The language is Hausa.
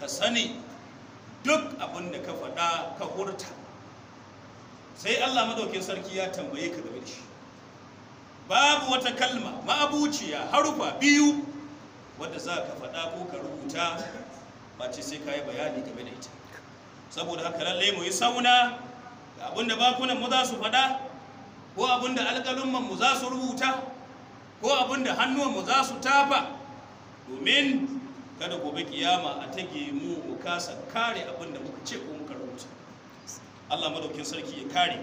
ka sani duk abin ka faɗa ka hurta sai Allah madaukin sarki ya tambaye ka game da shi babu wata kalma ma'abuciya harufa biyu wadda za ka faɗa ko ka rubuta ba ce sai ka yi bayani game da ita saboda haka lallai mu yi sauna ga abinda bakunan mu za su faɗa ko abinda alƙalumman mu za su rubuta ko abinda hannuwan mu za su tafa domin kada gobe kiyama a tage mu mu kasa kare abin da muka ce ko muka rubuta Allah madaukin sarki ya kare